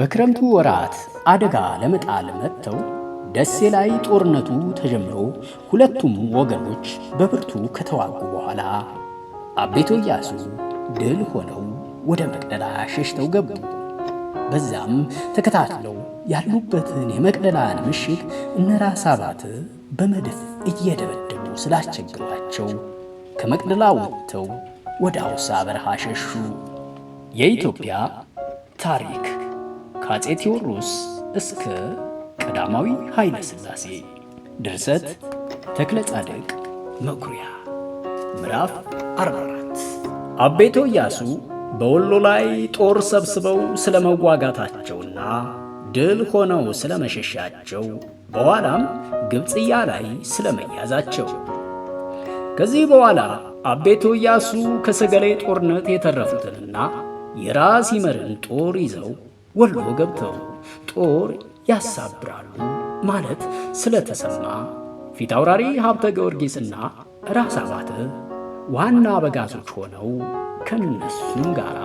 በክረምቱ ወራት አደጋ ለመጣል መጥተው ደሴ ላይ ጦርነቱ ተጀምሮ ሁለቱም ወገኖች በብርቱ ከተዋጉ በኋላ አቤቶ ኢያሱ ድል ሆነው ወደ መቅደላ ሸሽተው ገቡ። በዛም ተከታትለው ያሉበትን የመቅደላን ምሽግ እነ ራስ አባት በመድፍ እየደበደቡ ስላስቸግሯቸው ከመቅደላ ወጥተው ወደ አውሳ በረሃ ሸሹ። የኢትዮጵያ ታሪክ ከአጼ ቴዎድሮስ እስከ ቀዳማዊ ኃይለ ሥላሴ ድርሰት ተክለ ጻድቅ መኩሪያ ምዕራፍ 44 አቤቶ ኢያሱ በወሎ ላይ ጦር ሰብስበው ስለ መዋጋታቸውና ድል ሆነው ስለ መሸሻቸው በኋላም ግብፅያ ላይ ስለ መያዛቸው። ከዚህ በኋላ አቤቶ ኢያሱ ከሰገሌ ጦርነት የተረፉትንና የራስ ይመርን ጦር ይዘው ወሎ ገብተው ጦር ያሳብራሉ ማለት ስለተሰማ ፊት አውራሪ ሀብተ ጊዮርጊስና ራስ አባተ ዋና አበጋዞች ሆነው ከነሱም ጋር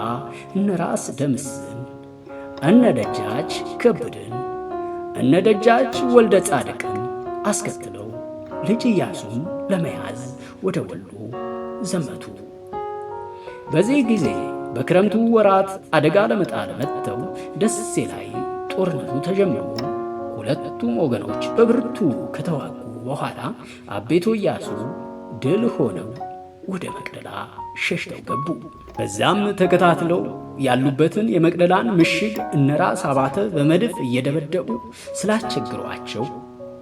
እነ ራስ ደምስን፣ እነ ደጃች ከብድን፣ እነ ደጃች ወልደ ጻድቅን አስከትለው ልጅ ኢያሱን ለመያዝ ወደ ወሎ ዘመቱ። በዚህ ጊዜ በክረምቱ ወራት አደጋ ለመጣል መጥተው ደሴ ላይ ጦርነቱ ተጀምሮ ሁለቱም ወገኖች በብርቱ ከተዋጉ በኋላ አቤቶ ኢያሱ ድል ሆነው ወደ መቅደላ ሸሽተው ገቡ። በዛም ተከታትለው ያሉበትን የመቅደላን ምሽግ እነራስ አባተ በመድፍ እየደበደቡ ስላስቸግሯቸው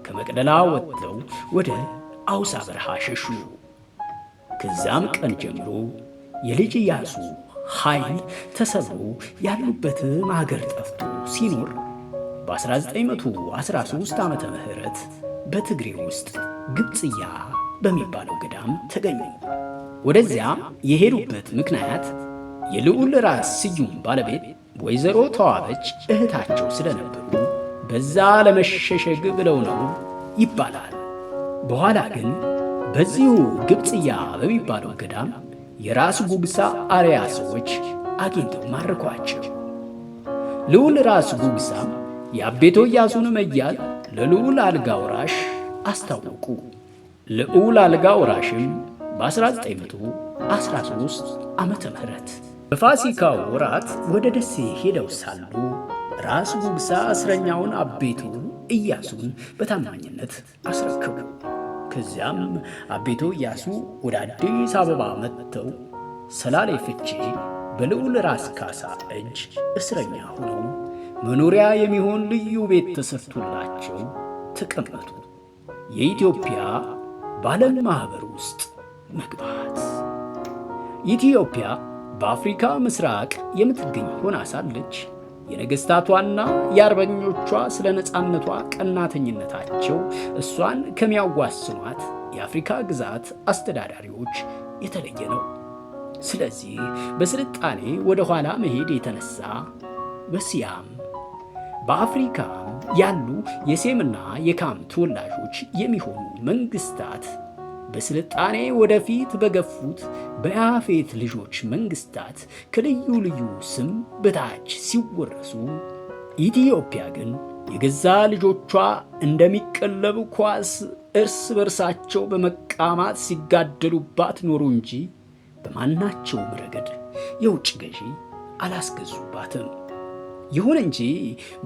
ከመቅደላ ወጥተው ወደ አውሳ በረሃ ሸሹ። ከዛም ቀን ጀምሮ የልጅ ኢያሱ ኃይል ተሰብሮ ያሉበትም አገር ጠፍቶ ሲኖር በ1913 ዓመተ ምህረት በትግሬ ውስጥ ግብፅያ በሚባለው ገዳም ተገኙ። ወደዚያ የሄዱበት ምክንያት የልዑል ራስ ስዩም ባለቤት ወይዘሮ ተዋበች እህታቸው ስለነበሩ በዛ ለመሸሸግ ብለው ነው ይባላል። በኋላ ግን በዚሁ ግብፅያ በሚባለው ገዳም የራስ ጉግሳ አርያ ሰዎች አግኝተው ማርኳቸው። ልዑል ራስ ጉብሳ የአቤቶ ኢያሱን መያዝ ለልዑል አልጋ ወራሽ አስታወቁ። ልዑል አልጋ ወራሽም በ1913 ዓመተ ምህረት በፋሲካ ወራት ወደ ደሴ ሄደው ሳሉ ራስ ጉግሳ እስረኛውን አቤቱ ኢያሱን በታማኝነት አስረክቡ። ከዚያም አቤቶ ኢያሱ ወደ አዲስ አበባ መጥተው ሰላሌ ፍቼ በልዑል ራስ ካሳ እጅ እስረኛ ሆነው መኖሪያ የሚሆን ልዩ ቤት ተሰርቶላቸው ተቀመጡ። የኢትዮጵያ ባለም ማኅበር ውስጥ መግባት ኢትዮጵያ በአፍሪካ ምስራቅ የምትገኝ ሆና ሳለች የነገሥታቷና የአርበኞቿ ስለ ነፃነቷ ቀናተኝነታቸው እሷን ከሚያዋስኗት የአፍሪካ ግዛት አስተዳዳሪዎች የተለየ ነው። ስለዚህ በስልጣኔ ወደ ኋላ መሄድ የተነሳ በሲያም በአፍሪካም ያሉ የሴምና የካም ተወላጆች የሚሆኑ መንግስታት በስልጣኔ ወደፊት በገፉት በያፌት ልጆች መንግስታት ከልዩ ልዩ ስም በታች ሲወረሱ ኢትዮጵያ ግን የገዛ ልጆቿ እንደሚቀለብ ኳስ እርስ በርሳቸው በመቃማት ሲጋደሉባት ኖሩ እንጂ በማናቸውም ረገድ የውጭ ገዢ አላስገዙባትም። ይሁን እንጂ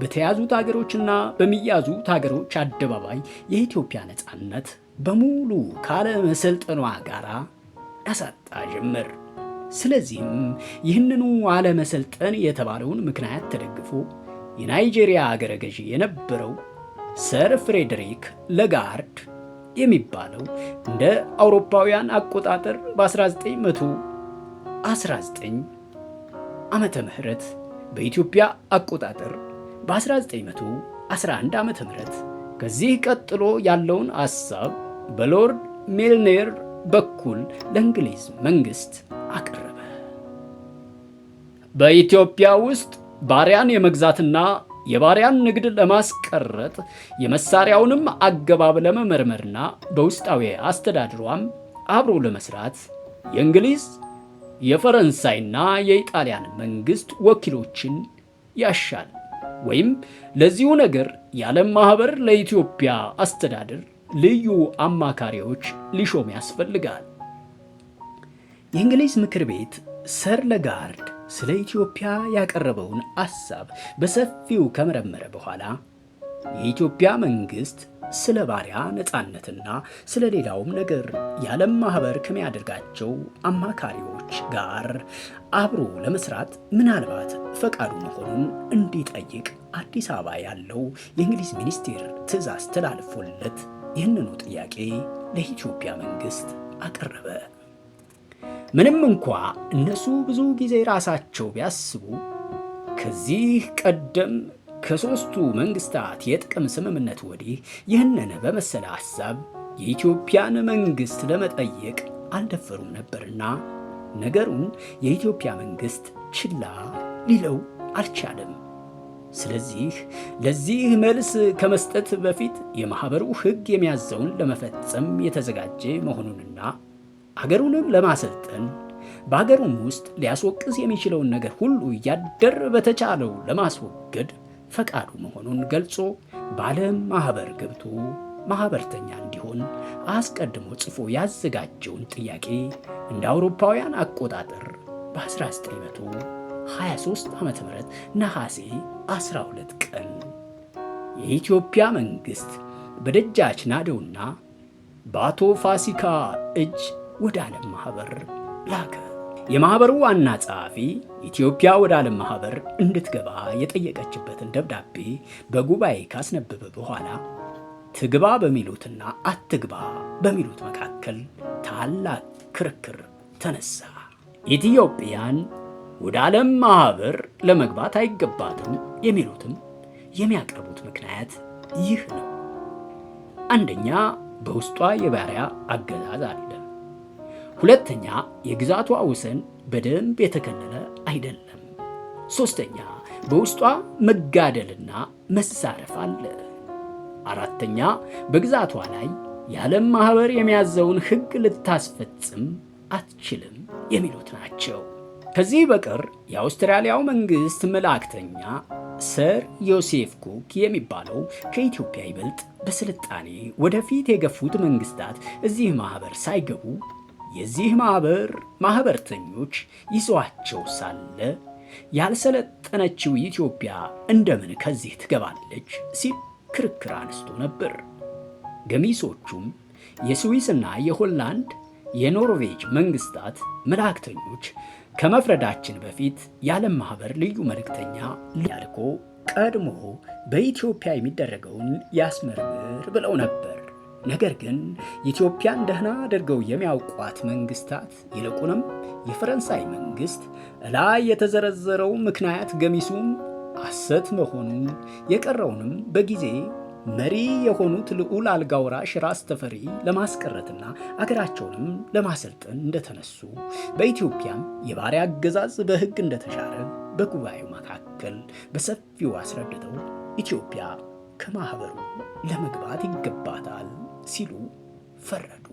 በተያዙት ሀገሮችና በሚያዙት ሀገሮች አደባባይ የኢትዮጵያ ነፃነት በሙሉ ካለመሰልጠኗ ጋር ያሳጣ ጅምር ስለዚህም ይህንኑ አለመሰልጠን የተባለውን ምክንያት ተደግፎ የናይጄሪያ አገረ ገዢ የነበረው ሰር ፍሬድሪክ ለጋርድ የሚባለው እንደ አውሮፓውያን አቆጣጠር በ1919 ዓመተ ምህረት በኢትዮጵያ አቆጣጠር በ1911 ዓ ም ከዚህ ቀጥሎ ያለውን ሐሳብ በሎርድ ሜልኔር በኩል ለእንግሊዝ መንግሥት አቀረበ። በኢትዮጵያ ውስጥ ባሪያን የመግዛትና የባሪያን ንግድ ለማስቀረጥ የመሳሪያውንም አገባብ ለመመርመርና በውስጣዊ አስተዳድሯም አብሮ ለመስራት የእንግሊዝ የፈረንሳይና የኢጣሊያን መንግስት ወኪሎችን ያሻል ወይም ለዚሁ ነገር የዓለም ማኅበር ለኢትዮጵያ አስተዳደር ልዩ አማካሪዎች ሊሾም ያስፈልጋል። የእንግሊዝ ምክር ቤት ሰር ለጋርድ ስለ ኢትዮጵያ ያቀረበውን አሳብ በሰፊው ከመረመረ በኋላ የኢትዮጵያ መንግስት ስለ ባሪያ ነፃነትና ስለ ሌላውም ነገር የዓለም ማኅበር ከሚያደርጋቸው አማካሪዎች ጋር አብሮ ለመስራት ምናልባት ፈቃዱ መሆኑን እንዲጠይቅ አዲስ አበባ ያለው የእንግሊዝ ሚኒስቴር ትዕዛዝ ተላልፎለት ይህንኑ ጥያቄ ለኢትዮጵያ መንግሥት አቀረበ። ምንም እንኳ እነሱ ብዙ ጊዜ ራሳቸው ቢያስቡ ከዚህ ቀደም ከሦስቱ መንግሥታት የጥቅም ስምምነት ወዲህ ይህንን በመሰለ ሐሳብ የኢትዮጵያን መንግሥት ለመጠየቅ አልደፈሩም ነበርና ነገሩን የኢትዮጵያ መንግሥት ችላ ሊለው አልቻለም። ስለዚህ ለዚህ መልስ ከመስጠት በፊት የማኅበሩ ሕግ የሚያዘውን ለመፈጸም የተዘጋጀ መሆኑንና አገሩንም ለማሰልጠን በአገሩም ውስጥ ሊያስወቅስ የሚችለውን ነገር ሁሉ እያደር በተቻለው ለማስወገድ ፈቃዱ መሆኑን ገልጾ በዓለም ማኅበር ገብቶ ማኅበርተኛ እንዲሆን አስቀድሞ ጽፎ ያዘጋጀውን ጥያቄ እንደ አውሮፓውያን አቆጣጠር በ1923 ዓ ም ነሐሴ 12 ቀን የኢትዮጵያ መንግሥት በደጃች ናደውና በአቶ ፋሲካ እጅ ወደ ዓለም ማኅበር ላከ። የማኅበሩ ዋና ጸሐፊ ኢትዮጵያ ወደ ዓለም ማኅበር እንድትገባ የጠየቀችበትን ደብዳቤ በጉባኤ ካስነበበ በኋላ ትግባ በሚሉትና አትግባ በሚሉት መካከል ታላቅ ክርክር ተነሳ። ኢትዮጵያን ወደ ዓለም ማኅበር ለመግባት አይገባትም የሚሉትም የሚያቀርቡት ምክንያት ይህ ነው። አንደኛ በውስጧ የባሪያ አገዛዝ አለ። ሁለተኛ የግዛቷ ወሰን በደንብ የተከለለ አይደለም። ሶስተኛ በውስጧ መጋደልና መሳረፍ አለ። አራተኛ በግዛቷ ላይ የዓለም ማህበር የሚያዘውን ሕግ ልታስፈጽም አትችልም የሚሉት ናቸው። ከዚህ በቀር የአውስትራሊያው መንግስት መልእክተኛ ሰር ዮሴፍ ኩክ የሚባለው ከኢትዮጵያ ይበልጥ በስልጣኔ ወደፊት የገፉት መንግስታት እዚህ ማህበር ሳይገቡ የዚህ ማህበር ማህበርተኞች ይዟቸው ሳለ ያልሰለጠነችው ኢትዮጵያ እንደምን ከዚህ ትገባለች ሲል ክርክር አንስቶ ነበር። ገሚሶቹም የስዊስና የሆላንድ የኖርዌጅ መንግስታት መላእክተኞች ከመፍረዳችን በፊት የዓለም ማህበር ልዩ መልእክተኛ ልያልኮ ቀድሞ በኢትዮጵያ የሚደረገውን ያስመርምር ብለው ነበር። ነገር ግን ኢትዮጵያን ደህና አድርገው የሚያውቋት መንግስታት ይልቁንም የፈረንሳይ መንግስት እላይ የተዘረዘረው ምክንያት ገሚሱም አሰት መሆኑን የቀረውንም በጊዜ መሪ የሆኑት ልዑል አልጋ ራስ ተፈሪ ለማስቀረትና አገራቸውንም ለማሰልጠን እንደተነሱ በኢትዮጵያም የባሪያ አገዛዝ በሕግ እንደተሻረ በጉባኤው መካከል በሰፊው አስረድተው ኢትዮጵያ ከማኅበሩ ለመግባት ይገባታል ሲሉ ፈረዱ።